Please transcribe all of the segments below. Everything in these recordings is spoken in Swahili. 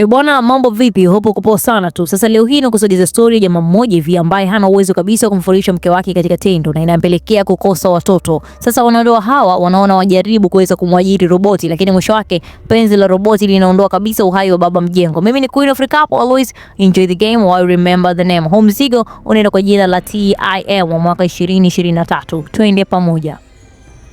E bwana, mambo vipi? Hopo kupoa sana tu. Sasa leo hii nakusogeza stori ya jamaa mmoja hivi ambaye hana uwezo kabisa wa kumfurahisha mke wake katika tendo na inampelekea kukosa watoto. Sasa wanandoa hawa wanaona wajaribu kuweza kumwajiri roboti, lakini mwisho wake penzi la roboti linaondoa kabisa uhai wa baba mjengo. Mimi ni Queen of Recap, always enjoy the game while remember the name. Huu mzigo unaenda kwa jina la TIM wa mwaka 2023. Twende pamoja.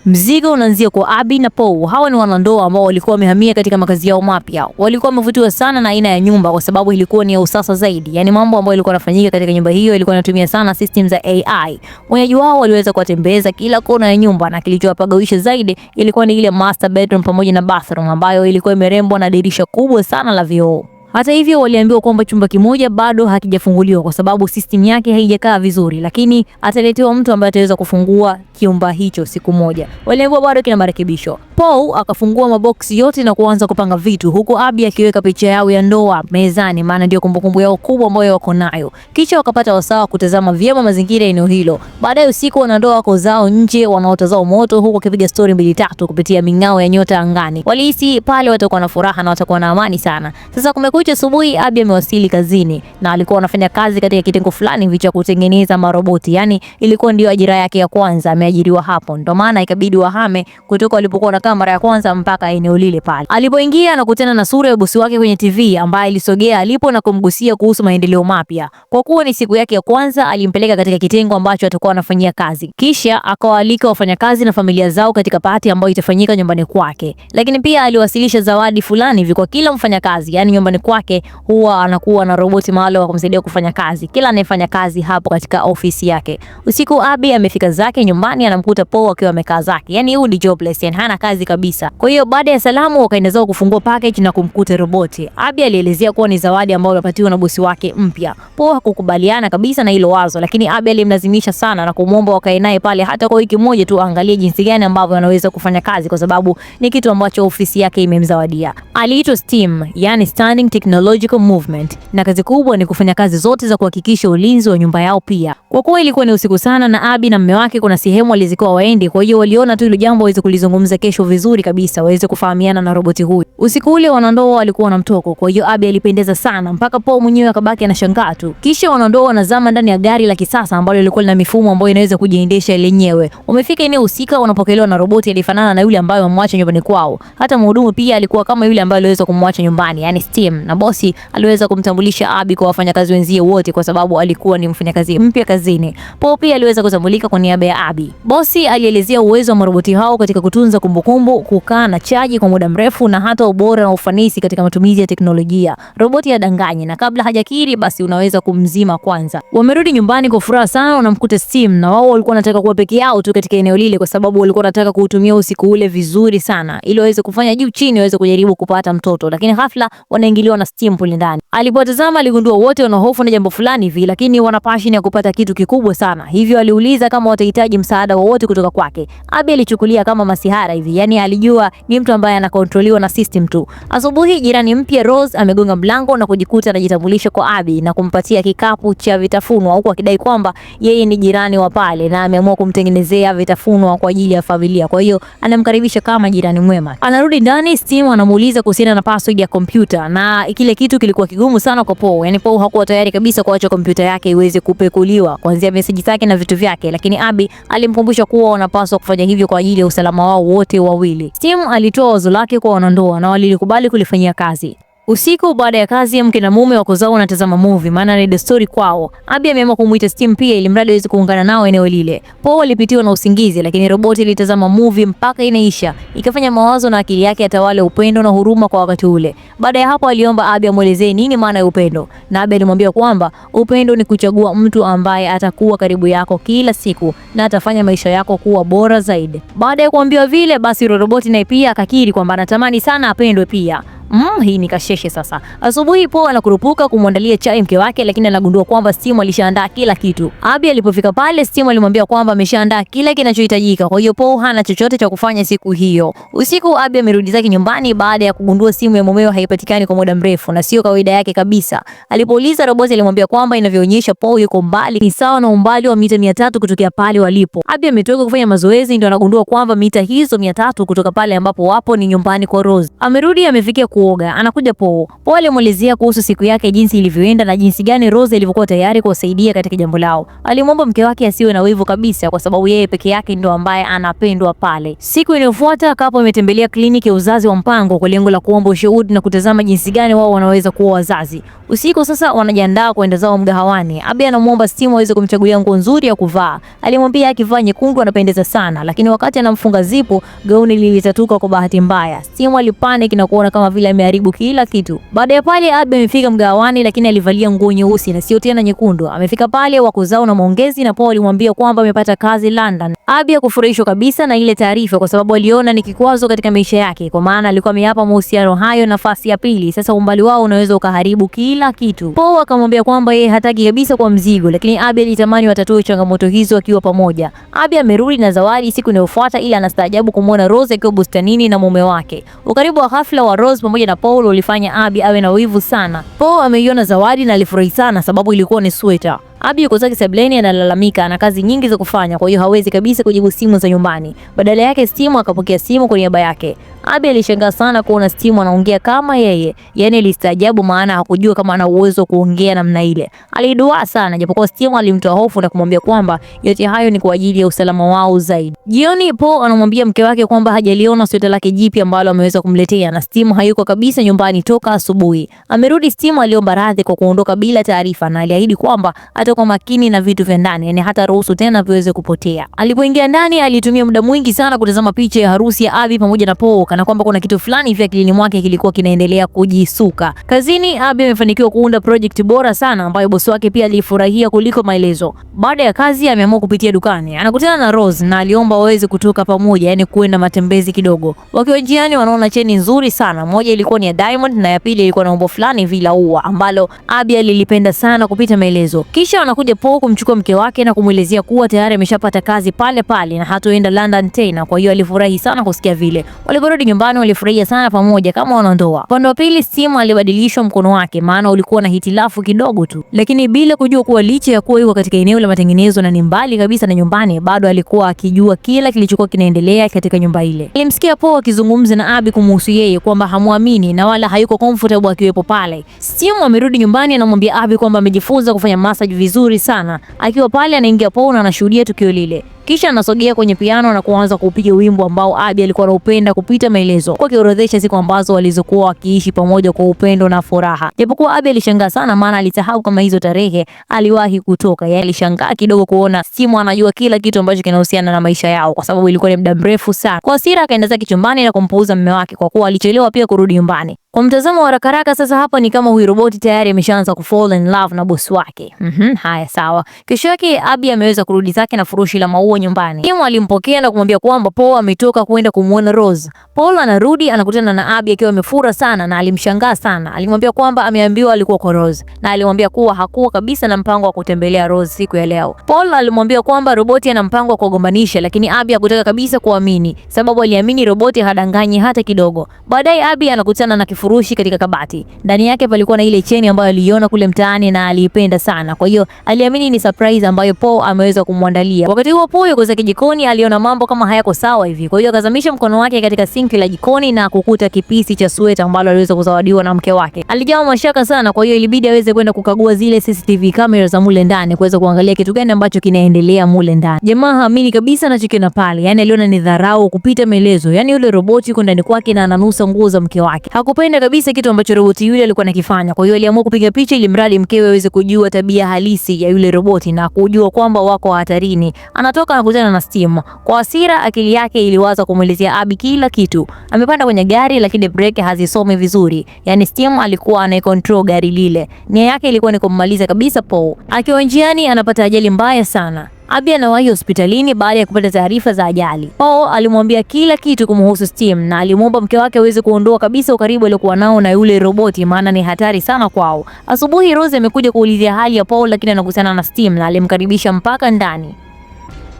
Mzigo unaanzia kwa Abi na Pou. Hawa ni wanandoa ambao walikuwa wamehamia katika makazi yao mapya. Walikuwa wamevutiwa sana na aina ya nyumba kwa sababu ilikuwa ni ya usasa zaidi. Yaani mambo ambayo yalikuwa yanafanyika katika nyumba hiyo ilikuwa inatumia sana system za AI. Wenyeji wao waliweza kuwatembeza kila kona ya nyumba na kilichowapagawisha zaidi ilikuwa ni ile master bedroom pamoja na bathroom ambayo ilikuwa imerembwa na dirisha kubwa sana la vioo. Hata hivyo, waliambiwa kwamba chumba kimoja bado hakijafunguliwa kwa sababu system yake haijakaa vizuri, lakini ataletewa mtu ambaye ataweza kufungua kiumba hicho siku moja. Waliambiwa bado kina marekebisho. Paul akafungua maboksi yote na kuanza kupanga vitu, huku Abi akiweka picha yao ya ndoa mezani, maana ndio kumbukumbu yao kubwa ambayo wako nayo. Kisha wakapata wasawa kutazama vyema mazingira eneo hilo. Baadaye usiku, wanandoa wako zao nje wanaotazao moto, huku wakipiga stori mbili tatu kupitia ming'ao ya nyota angani. Walihisi pale watakuwa na furaha na watakuwa na amani sana. Sasa kumekuja kucha asubuhi Abi amewasili kazini na alikuwa anafanya kazi katika kitengo fulani vicha kutengeneza maroboti, yani ilikuwa ndio ajira yake ya kwanza, ameajiriwa hapo, ndio maana ikabidi wahame kutoka walipokuwa na kamera ya kwanza mpaka eneo lile pale. Alipoingia anakutana na sura ya bosi wake kwenye TV ambaye alisogea alipo na kumgusia kuhusu maendeleo mapya. Kwa kuwa ni siku yake ya kwanza, alimpeleka katika kitengo ambacho atakuwa anafanyia kazi, kisha akawaalika wafanyakazi na familia zao katika pati ambayo itafanyika nyumbani kwake, lakini pia aliwasilisha zawadi fulani hivi kwa kila mfanyakazi, yani nyumbani kwake kwake huwa anakuwa na roboti maalum wa kumsaidia kufanya kazi, kila anayefanya kazi hapo katika ofisi yake. Usiku Abi amefika zake nyumbani, anamkuta Po akiwa amekaa zake, yani huyu ni jobless, yani hana kazi kabisa. Kwa hiyo baada ya salamu, wakaenda zao kufungua package na kumkuta roboti. Abi alielezea kuwa ni zawadi ambayo alipatiwa na bosi wake mpya. Po hakukubaliana kabisa na hilo wazo, lakini Abi alimlazimisha sana na kumwomba wakae naye pale hata kwa wiki moja tu, angalie jinsi gani ambavyo anaweza kufanya kazi, kwa sababu ni kitu ambacho ofisi yake imemzawadia. Aliitwa STEAM, yani standing Technological Movement, na kazi kubwa ni kufanya kazi zote za kuhakikisha ulinzi wa nyumba yao pia kwa kuwa ilikuwa ni usiku sana na Abi na mume wake kuna sehemu walizikuwa waende, kwa hiyo waliona tu ile jambo waweze kulizungumza kesho vizuri kabisa, waweze kufahamiana na roboti huyu. Usiku ule wanandoa walikuwa na mtoko, kwa hiyo Abi alipendeza sana mpaka Paul mwenyewe akabaki anashangaa tu. Kisha wanandoa wanazama ndani ya gari la kisasa ambalo lilikuwa lina mifumo ambayo inaweza kujiendesha lenyewe. Wamefika eneo husika, wanapokelewa na roboti alifanana na yule ambaye wamemwacha nyumbani kwao. Hata mhudumu pia alikuwa kama yule ambaye aliweza kumwacha nyumbani, yani Steam, na bosi aliweza kumtambulisha Abi kwa wafanyakazi wenzie wote, kwa sababu alikuwa ni mfanyakazi mpya kazi Kaskazini. Poppy aliweza kutambulika kwa niaba ya Abby. Bosi alielezea uwezo wa maroboti hao katika kutunza kumbukumbu, kukaa na chaji kwa muda mrefu na hata ubora na ufanisi katika matumizi ya teknolojia. Roboti ya danganyi na kabla hajakiri basi unaweza kumzima kwanza. Wamerudi nyumbani kwa furaha sana, wanamkuta Steam na wao walikuwa wanataka kuwa peke yao tu katika eneo lile kwa sababu walikuwa wanataka kuutumia usiku ule vizuri sana ili waweze kufanya juu chini waweze kujaribu kupata mtoto, lakini ghafla wanaingiliwa na Steam pale ndani. Alipotazama aligundua wote wana hofu na jambo fulani hivi, lakini wana passion ya kupata kitu kikubwa sana, hivyo aliuliza kama watahitaji msaada wowote kutoka kwake. Abi alichukulia kama masihara hivi, yani alijua ni mtu ambaye anakontroliwa na system tu. Asubuhi jirani mpya Rose amegonga mlango na kujikuta anajitambulisha kwa Abi na kumpatia kikapu cha vitafunwa, huku akidai kwamba yeye ni jirani wa pale na ameamua kumtengenezea vitafunwa kwa ajili ya familia. Kwa hiyo anamkaribisha kama jirani mwema. Anarudi ndani, Steam anamuuliza kuhusiana na password ya kompyuta na kile kitu kilikuwa kigumu sana kwa Paul, yani Paul hakuwa tayari kabisa kuacha kompyuta yake iweze kupekuliwa kuanzia meseji zake na vitu vyake, lakini Abi alimkumbusha kuwa wanapaswa kufanya hivyo kwa ajili ya usalama wao wote wawili. Steam alitoa wazo lake kwa wanandoa na walilikubali kulifanyia kazi. Usiku baada ya kazi, mke na mume wako zao wanatazama movie, maana ni the story kwao. Abi ameamua kumuita Steam pia ili mradi aweze kuungana nao eneo lile. Paul alipitiwa na usingizi, lakini roboti ilitazama movie mpaka inaisha, ikafanya mawazo na akili yake atawale upendo na huruma kwa wakati ule. Baada ya hapo, aliomba Abi amuelezee nini maana ya upendo, na Abi alimwambia kwamba upendo ni kuchagua mtu ambaye atakuwa karibu yako kila siku na atafanya maisha yako kuwa bora zaidi. Baada ya kuambiwa vile, basi roboti naye pia akakiri kwamba anatamani sana apendwe pia. Mm, hii ni kasheshe sasa. Asubuhi Po anakurupuka kumwandalia chai mke wake, lakini anagundua kwamba Stimu alishaandaa kila kitu. Abi alipofika pale, Stimu alimwambia kwamba ameshaandaa kila kinachohitajika, kwa hiyo Po hana chochote cha kufanya siku hiyo. Usiku Abi amerudi zake nyumbani baada ya kugundua simu ya mumeo haipatikani kwa muda mrefu, na sio kawaida yake kabisa. Alipouliza roboti alimwambia kwamba inavyoonyesha Po yuko mbali, ni sawa na umbali wa mita 300 kutokea pale walipo. Abi ametoka kufanya mazoezi, ndio anagundua kwamba mita hizo 300 kutoka pale ambapo wapo ni nyumbani kwa Rose. Amerudi amefikia kuoga. Anakuja Po. Po alimuelezea kuhusu siku yake jinsi ilivyoenda na jinsi gani Rose ilivyokuwa tayari kuwasaidia katika jambo lao. Alimwomba mke wake asiwe na wivu kabisa kwa sababu yeye peke yake ndo ambaye anapendwa pale. Siku inayofuata Kapo imetembelea kliniki ya uzazi wa mpango kwa lengo la kuomba ushauri na kutazama jinsi gani wao wanaweza kuwa wazazi. Usiku sasa wanajiandaa kwenda zao mgahawani. Abi anamwomba Steam aweze kumchagulia nguo nzuri ya kuvaa. Alimwambia akivaa nyekundu anapendeza sana, lakini wakati anamfunga zipo gauni lilitatuka kwa bahati mbaya. Steam alipanic na kuona kama vile Abel ameharibu kila kitu. Baada ya pale, Abi amefika mgawani, lakini alivalia nguo nyeusi na sio tena nyekundu. Amefika pale wako zao na maongezi, na Paul alimwambia kwamba amepata kazi London. Abi hakufurahishwa kabisa na ile taarifa, kwa sababu aliona ni kikwazo katika maisha yake, kwa maana alikuwa ameyapa mahusiano hayo nafasi ya pili. Sasa umbali wao unaweza ukaharibu kila kitu. Paul akamwambia kwamba yeye hataki kabisa kwa mzigo, lakini Abi alitamani watatue changamoto hizo akiwa pamoja. Abi amerudi na zawadi siku inayofuata, ila anastaajabu kumwona Rose akiwa bustanini na mume wake. Ukaribu wa hafla wa Rose pamoja na Paul ulifanya Abi awe na wivu sana. Paul ameiona zawadi na alifurahi sana sababu ilikuwa ni sweta. Abi yuko zake sebleni analalamika ana kazi nyingi za kufanya, kwa hiyo hawezi kabisa kujibu simu za nyumbani. Badala yake Steam akapokea simu kwa niaba yake. Abi alishangaa sana kuona Steam anaongea kama yeye, yaani alistaajabu, maana hakujua kama ana uwezo wa kuongea namna ile. Aliduaa sana, japokuwa Steam alimtoa hofu na kumwambia kwamba yote hayo ni kwa ajili ya usalama wao zaidi. Jioni Paul anamwambia mke wake kwamba hajaliona sweta lake jipya ambalo ameweza kumletea na Steam hayuko kabisa nyumbani toka asubuhi. Amerudi, Steam aliomba radhi kwa kuondoka bila taarifa na aliahidi kwamba atakuwa makini na vitu vya ndani, yani hata ruhusu tena viweze kupotea. Alipoingia ndani, alitumia muda mwingi sana kutazama picha ya harusi ya Abi pamoja na Paul kana kwamba kuna kitu fulani hivi akilini mwake kilikuwa kinaendelea kujisuka. Kazini, Abi amefanikiwa kuunda project bora sana ambayo bosi wake pia alifurahia kuliko maelezo. Baada ya kazi, ameamua kupitia dukani, anakutana na Rose na aliomba waweze kutoka pamoja, yani kuenda matembezi kidogo. Wakiwa njiani, wanaona cheni nzuri sana, moja ilikuwa ni ya diamond na ya pili ilikuwa na umbo fulani vila ua ambalo Abi alilipenda sana kupita maelezo. Kisha wanakuja Po kumchukua mke wake na kumwelezea kuwa tayari ameshapata kazi pale pale na hatoenda London tena, kwa hiyo alifurahi sana kusikia vile. Waliporudi kurudi nyumbani walifurahia sana pamoja kama wanandoa. Pande wa pili, simu alibadilishwa mkono wake, maana ulikuwa na hitilafu kidogo tu, lakini bila kujua kuwa licha ya kuwa yuko katika eneo la matengenezo na ni mbali kabisa na nyumbani, bado alikuwa akijua kila kilichokuwa kinaendelea katika nyumba ile. Alimsikia po akizungumza na Abi kumuhusu yeye kwamba hamwamini na wala hayuko comfortable akiwepo pale. Simu amerudi nyumbani, anamwambia Abi kwamba amejifunza kufanya massage vizuri sana. Akiwa pale anaingia Po na anashuhudia tukio lile. Kisha anasogea kwenye piano na kuanza kupiga wimbo ambao Abi alikuwa anaupenda kupita maelezo, kwa kiorodhesha siku ambazo walizokuwa wakiishi pamoja kwa upendo na furaha. Japokuwa Abi alishangaa sana, maana alisahau kama hizo tarehe aliwahi kutoka. Yeye alishangaa kidogo kuona simu anajua kila kitu ambacho kinahusiana na maisha yao, kwa sababu ilikuwa ni muda mrefu sana. Kwa hasira akaenda zake chumbani na kumpuuza mume wake, kwa kuwa alichelewa pia kurudi nyumbani. Kwa mtazamo wa haraka haraka sasa hapa ni kama huyu roboti tayari ameshaanza ku fall in love na bosi wake. Mhm, mm haya sawa. Kesho yake Abi ameweza kurudi zake na furushi la maua nyumbani. Kim alimpokea na kumwambia kwamba Paul ametoka kwenda kumuona Rose. Paul anarudi anakutana na Abi akiwa amefura sana na alimshangaa sana. Alimwambia kwamba ameambiwa alikuwa kwa Rose na alimwambia kuwa hakuwa kabisa na mpango wa kutembelea Rose siku ya leo. Paul alimwambia kwamba roboti ana mpango wa kugombanisha lakini Abi hakutaka kabisa kuamini sababu aliamini roboti hadanganyi hata kidogo. Baadaye Abi anakutana na kifu kifurushi katika kabati. Ndani yake palikuwa na ile cheni ambayo aliiona kule mtaani na aliipenda sana. Kwa hiyo aliamini ni surprise ambayo Paul ameweza kumwandalia. Wakati huo Paul yuko zake jikoni, aliona mambo kama hayako sawa hivi. Kwa hiyo akazamisha mkono wake katika sinki la jikoni na kukuta kipisi cha sweta ambalo aliweza kuzawadiwa na mke wake. Alijawa mashaka sana, kwa hiyo ilibidi aweze kwenda kukagua zile CCTV kamera za mule ndani kuweza kuangalia kitu gani ambacho kinaendelea mule ndani. Jamaa haamini kabisa anachokiona pale. Yaani aliona ni dharau kupita maelezo. Yaani yule roboti yuko ndani kwake na ananusa nguo za mke wake. Hakupenda hakupenda kabisa kitu ambacho roboti yule alikuwa anakifanya. Kwa hiyo aliamua kupiga picha ili mradi mkewe aweze kujua tabia halisi ya yule roboti na kujua kwamba wako hatarini. Anatoka anakutana na Steam. Kwa hasira, akili yake iliwaza kumwelezea Abby kila kitu. Amepanda kwenye gari lakini breki hazisomi vizuri. Yaani Steam alikuwa anaikontrol gari lile. Nia yake ilikuwa ni kummaliza kabisa Paul. Akiwa njiani anapata ajali mbaya sana. Abi anawahi hospitalini baada ya kupata taarifa za ajali. Paul alimwambia kila kitu kumhusu Steam na alimwomba mke wake aweze kuondoa kabisa ukaribu aliokuwa nao na yule roboti, maana ni hatari sana kwao. Asubuhi Rose amekuja kuulizia hali ya Paul, lakini anakutana na Steam na alimkaribisha mpaka ndani.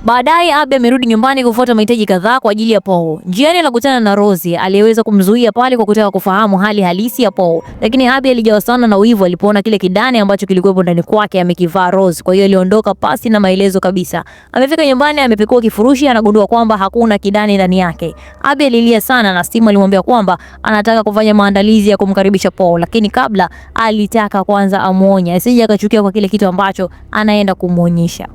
Baadaye Abe amerudi nyumbani kufuata mahitaji kadhaa kwa ajili ya Paul. Njiani alikutana na Rose aliyeweza kumzuia pale kwa kutaka kufahamu hali halisi ya Paul, lakini Abe alijawa sana na wivu alipoona kile kidani ambacho kilikuwepo ndani kwake amekivaa Rose. Kwa hiyo aliondoka pasi na maelezo kabisa. Amefika nyumbani, amepekua kifurushi, anagundua kwamba hakuna kidani ndani yake. Abe alilia sana na Stima alimwambia kwamba anataka kufanya maandalizi ya kumkaribisha Paul, lakini kabla alitaka kwanza amuonye asije akachukia kwa kile kitu ambacho anaenda kumuonyesha.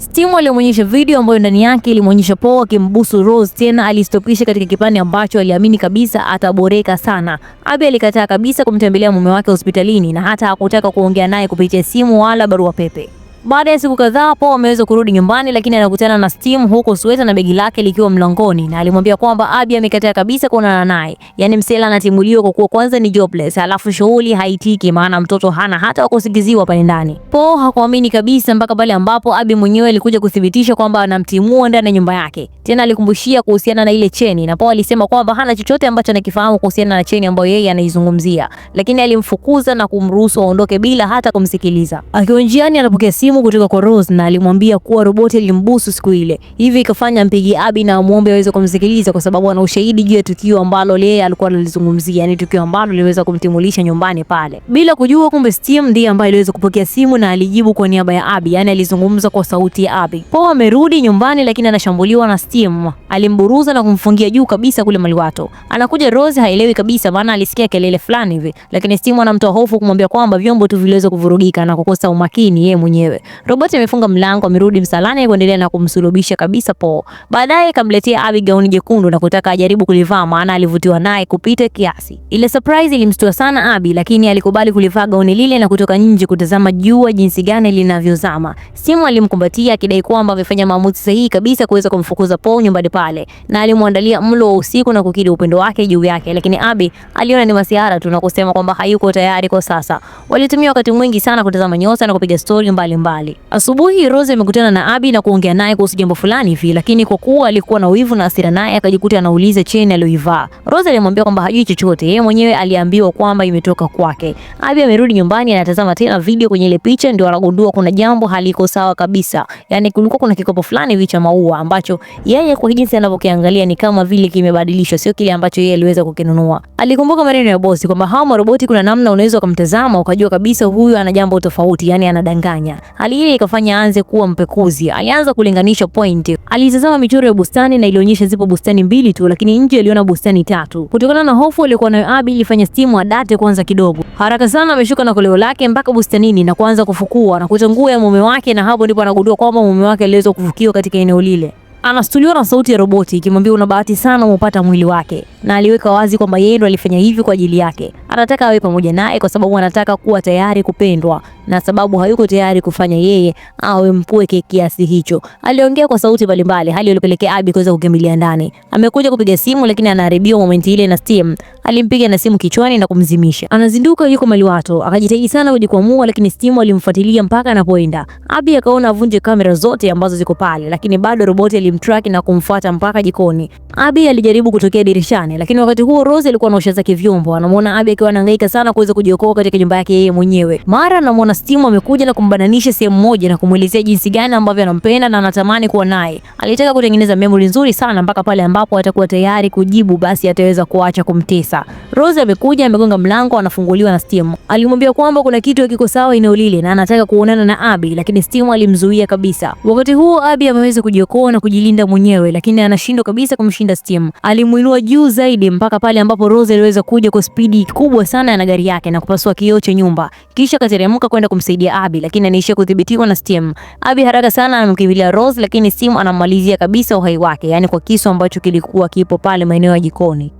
Steam alimwonyesha video ambayo ndani yake ilimwonyesha Paul akimbusu Rose, tena alistopisha katika kipande ambacho aliamini kabisa ataboreka sana. Abi alikataa kabisa kumtembelea mume wake hospitalini na hata hakutaka kuongea naye kupitia simu wala barua pepe. Baada ya siku kadhaa hapo ameweza kurudi nyumbani, lakini anakutana na Steam huko Sweta na begi lake likiwa mlangoni, na alimwambia kwamba Abi amekataa kabisa kuonana naye. Yaani Msela anatimuliwa kwa kuwa kwanza ni jobless, halafu shughuli haitiki, maana mtoto hana hata wa wakusingiziwa pale ndani. Po hakuamini kabisa mpaka pale ambapo Abi mwenyewe alikuja kuthibitisha kwamba anamtimua ndani ya nyumba yake. Tena alikumbushia kuhusiana na ile cheni, na Po alisema kwamba hana chochote ambacho anakifahamu kuhusiana na cheni ambayo yeye anaizungumzia, lakini alimfukuza na kumruhusu aondoke bila hata kumsikiliza. Akiwa njiani anapokea simu simu kutoka kwa Rose na alimwambia kuwa roboti ilimbusu siku ile, hivi ikafanya mpigi Abi na muombe aweze kumsikiliza kwa sababu ana ushahidi juu ya tukio ambalo yeye alikuwa analizungumzia, yani tukio ambalo liweza kumtimulisha nyumbani pale, bila kujua kumbe Steam ndiye ambaye aliweza kupokea simu na alijibu kwa niaba ya Abi, yani alizungumza kwa sauti ya Abi. Po amerudi nyumbani, lakini anashambuliwa na Steam, alimburuza na kumfungia juu kabisa kule maliwato. Anakuja Rose haelewi kabisa, maana alisikia kelele fulani hivi, lakini Steam anamtoa hofu kumwambia kwamba vyombo tu viliweza kuvurugika na kukosa umakini yeye mwenyewe. Robert amefunga mlango, amerudi msalani kuendelea na kumsulubisha kabisa po. Baadaye kamletea Abi gauni jekundu na kutaka ajaribu kulivaa, maana alivutiwa naye kupita kiasi. Ile surprise ilimstua sana Abi, lakini alikubali kulivaa gauni lile na kutoka nje kutazama jua jinsi gani linavyozama. Simu alimkumbatia akidai kwamba amefanya maamuzi sahihi kabisa kuweza kumfukuza po nyumbani pale, na alimwandalia mlo wa usiku na kukiri upendo wake juu yake, lakini Abi aliona ni masiara tu na kusema kwamba hayuko tayari kwa sasa. Walitumia wakati mwingi sana kutazama nyota na kupiga stori mbalimbali mbali. Asubuhi Rose amekutana na Abi na kuongea naye kuhusu jambo fulani hivi, lakini kwa kuwa alikuwa na wivu na hasira naye akajikuta anauliza cheni aliyoivaa. Rose alimwambia kwamba hajui chochote, yeye mwenyewe aliambiwa kwamba imetoka kwake. Abi amerudi nyumbani, anatazama tena video kwenye ile picha, ndio anagundua kuna jambo haliko sawa kabisa. Yaani kulikuwa kuna kikopo fulani hivi cha maua ambacho yeye kwa jinsi anavyokiangalia ni kama vile kimebadilishwa, sio kile ambacho yeye aliweza kukinunua. Alikumbuka maneno ya bosi kwamba hao maroboti kuna namna unaweza ukamtazama ukajua kabisa huyu ana jambo tofauti, yani anadanganya. Hali hiyo ikafanya aanze kuwa mpekuzi. Alianza kulinganisha point. Alitazama michoro ya bustani na ilionyesha zipo bustani mbili tu, lakini nje aliona bustani tatu. Kutokana na hofu aliyokuwa nayo Abi, ilifanya stimu adate kwanza kidogo. Haraka sana ameshuka na koleo lake mpaka bustanini na kuanza kufukua na kuta nguo ya mume wake, na hapo ndipo anagundua kwamba mume wake aliweza kufukiwa katika eneo lile. Anastuliwa na sauti ya roboti ikimwambia, una bahati sana umepata mwili wake na aliweka wazi kwamba yeye ndo alifanya hivyo kwa ajili yake. Anataka awe pamoja naye kwa sababu anataka kuwa tayari kupendwa, na sababu hayuko tayari kufanya yeye awe mpweke kiasi hicho. Aliongea kwa sauti mbalimbali, hali iliyopelekea Abi kuweza kukimbilia ndani. Amekuja kupiga simu, lakini anaharibiwa moment ile na Steam. Alimpiga na simu kichwani na kumzimisha. Anazinduka yuko maliwato, akajitahidi sana kujikwamua, lakini Steam alimfuatilia mpaka anapoenda. Abi akaona avunje kamera zote ambazo ziko pale, lakini bado roboti alimtrack na kumfuata mpaka jikoni. Abi alijaribu kutokea dirishani, lakini wakati huo Rose alikuwa anaosha zake vyombo. Anamuona Abi akiwa anahangaika sana kuweza kujiokoa katika nyumba yake yeye mwenyewe. Mara anamuona Steam amekuja na kumbananisha sehemu moja na kumuelezea jinsi gani ambavyo anampenda na anatamani kuwa naye. Alitaka kutengeneza memory nzuri sana mpaka pale ambapo atakuwa tayari kujibu, basi ataweza kuacha kumtesa. Rose amekuja, amegonga mlango, anafunguliwa na Steam. Alimwambia kwamba kuna kitu kiko sawa eneo lile na anataka kuonana na Abi, lakini Steam alimzuia kabisa. Wakati huo Abi ameweza kujiokoa na kujilinda mwenyewe, lakini anashindwa kabisa kumshinda kushinda Steam alimuinua juu zaidi mpaka pale ambapo Rose aliweza kuja kwa spidi kubwa sana na gari yake na kupasua kioo cha nyumba, kisha kateremka kwenda kumsaidia abi lakini anaishia kudhibitiwa na Steam. abi haraka sana anamkimbilia Rose, lakini Steam anamalizia kabisa uhai wake, yani kwa kisu ambacho kilikuwa kipo pale maeneo ya jikoni.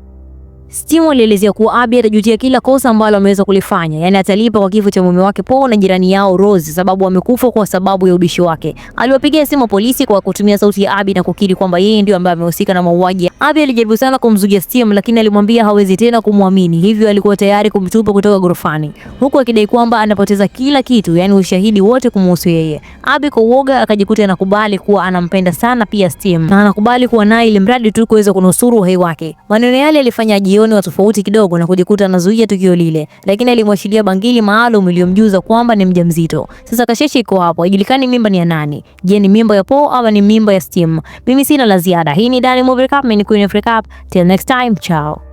Stimo alielezea kuwa Abi atajutia kila kosa ambalo ameweza kulifanya, yaani atalipa kwa kifo cha mume wake Paul na jirani yao Rose, sababu amekufa kwa sababu ya ubishi wake. Aliwapigia simu polisi kwa kutumia sauti ya Abi na kukiri kwamba yeye ndio ambaye amehusika na mauaji. Abi alijaribu sana kumzuia Stimo, lakini alimwambia hawezi tena kumwamini, hivyo alikuwa tayari kumtupa kutoka gorofani, huku akidai kwamba anapoteza kila kitu, yaani ushahidi wote kumhusu yeye. Abi kwa uoga akajikuta anakubali kuwa anampenda sana pia Stimo na anakubali kuwa naye ili mradi tu kuweza kunusuru uhai wake. Maneno yale alifanya jioni wa tofauti kidogo na kujikuta anazuia tukio lile, lakini alimwashiria bangili maalum iliyomjuza kwamba ni mjamzito. Sasa kasheshe iko hapo, haijulikani mimba ni ya nani. Je, ni mimba ya Paul ama ni mimba ya Steam? Mimi sina la ziada. Hii ni Dani Movie Recap, mimi ni Queen of Recap. Till next time, ciao.